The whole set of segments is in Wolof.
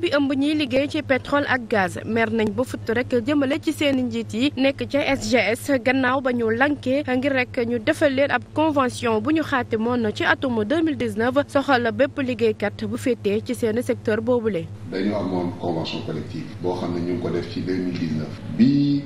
bi ëmb ñiy liggéey ci pétrole ak gaz mer nañ ba futt rek jëmale ci seeni njiit yi nekk ca SGS gannaaw ba ñu lankee ngir rek ñu defal leen ab convention bu ñu xaatimoon ci atum 2019 la bépp liggéeykat bu féetee ci seen secteur boobule. dañu amoon convention collective boo xam ne ñu ko def ci 2019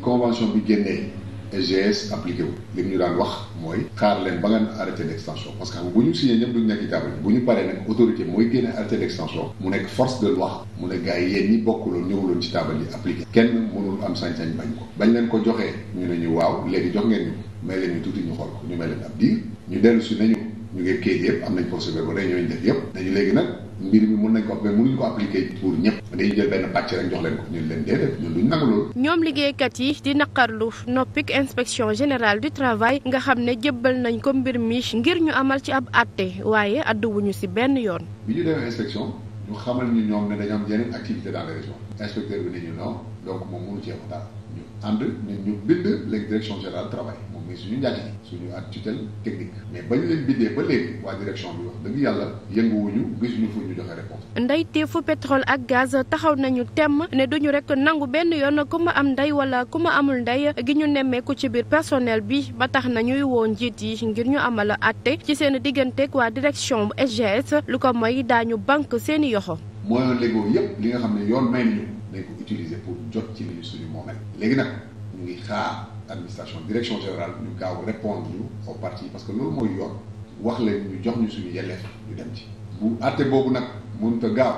convention bi génnee. SGS appliqué wu li ñu daan wax mooy xaar leen ba ngeen arrêté d' extension parce que xam bu ñu signé ñëpp duñ nekk ci table bu ñu paree nag autorité mooy génne arrêté d' extension mu nekk force de loi mu ne gars yi yéen ñi bokkuloon ñëwuloon ci table yi appliqué kenn mënul am sañ-sañ bañ ko bañ leen ko joxee ñu ne ñu waaw léegi jox ngeen ñu may leen ñu tuuti ñu xool ko ñu may leen ab diir ñu dellu si nañu ñu ngi kayit yëpp am nañ procès verbal day ñooñu def yëpp dañu léegi nag mbir mi mën nañ ko mais ko appliquer pour ñëpp dañuy jël benn pàcc rek jox leen ko ñun leen déedéet loolu ñoom liggéeykat yi di naqarlu noppik inspection général du travail nga xam ne jëbbal nañ ko mbir mi ngir ñu amal ci ab àtte waaye àdduwuñu ci benn yoon bi ñu demee inspection ñu xamal ñu ñoom ne dañoo am yeneen activité dans les régions inspecteur bi ne ñu non donc moom mënu ci wax muy suñu njaatige suñu ak tutelle technique mais ba ñu leen bindee ba léegi waa direction bi wax dëgg yàlla yënguwuñu gisuñu fu ñu joxe réponse ndeyteefu pétrole ak gaz taxaw nañu temm ne duñu rekk nangu benn yoon ku ma am ndey wala ku ma amul ndey gi ñu nemmeeku ci biir personnel bi ba tax na ñuy woo njiit yi ngir ñu amal atte ci seen digganteeg waa direction bu SGS lu ko mooy daañu banque seeni yoxo moyens légaux léegi nag ñu ngi xaar administration direction générale ñu gaaw répondre ñu au parti parce que loolu mooy yoon wax leen ñu jox ñu suñu yelleef ñu dem ci bu àtte boobu nag mënut a gaaw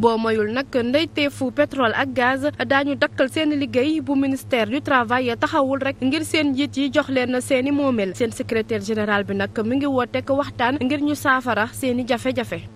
boo moyul nag ndeyteefu pétrole ak gaz daañu dakkal seen liggéey bu ministère du travail taxawul rek ngir seen njiit yi jox leen seeni moomeel seen secretaire général bi nag mi ngi woote ko waxtaan ngir ñu saafara seeni jafe-jafe